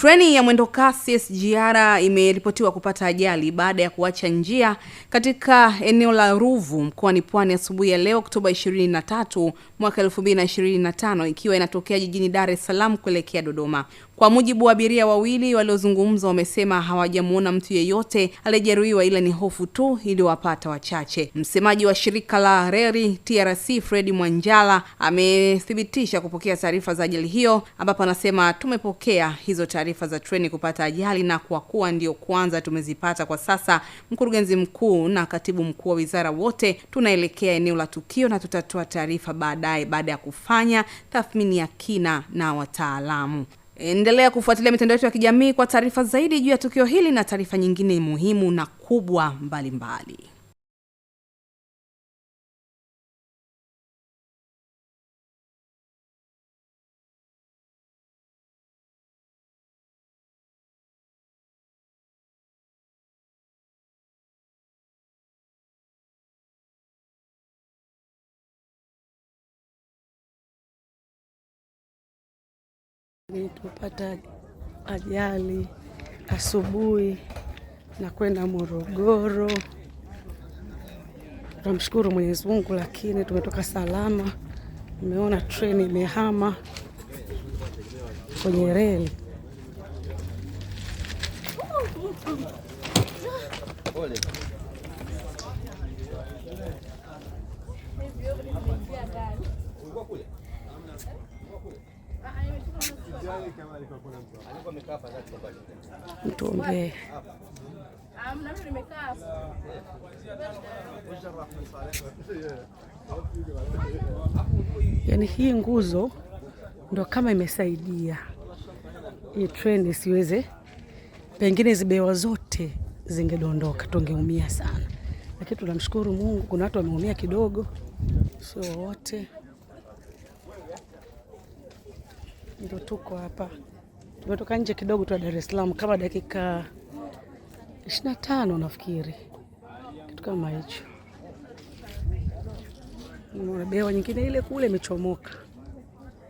Treni ya mwendo kasi SGR imeripotiwa kupata ajali baada ya kuacha njia katika eneo la Ruvu mkoani Pwani asubuhi ya leo Oktoba 23 mwaka 2025 ikiwa inatokea jijini Dar es Salaam kuelekea Dodoma. Kwa mujibu wa abiria wawili waliozungumza, wamesema hawajamwona mtu yeyote aliyejeruhiwa, ila ni hofu tu iliyowapata wachache. Msemaji wa shirika la reli TRC Fredi Mwanjala amethibitisha kupokea taarifa za ajali hiyo, ambapo anasema tumepokea hizo taarifa za treni kupata ajali, na kwa kuwa ndio kwanza tumezipata kwa sasa, mkurugenzi mkuu na katibu mkuu wa wizara wote tunaelekea eneo la tukio na tutatoa taarifa baadaye baada ya kufanya tathmini ya kina na wataalamu. Endelea kufuatilia mitandao yetu ya kijamii kwa taarifa zaidi juu ya tukio hili na taarifa nyingine muhimu na kubwa mbalimbali mbali. Nilipopata ajali asubuhi na kwenda Morogoro, tunamshukuru Mwenyezi Mungu, lakini tumetoka salama. Nimeona treni imehama kwenye reli. Mtuombee. Yaani hii nguzo ndo kama imesaidia hii treni isiweze, pengine zibewa zote zingedondoka, tungeumia sana, lakini tunamshukuru Mungu. Kuna watu wameumia kidogo, sio wote. Ndio tuko hapa, tumetoka nje kidogo tu Dar es Salaam kama dakika 25 nafikiri, kitu kama hicho. Behewa nyingine ile kule imechomoka.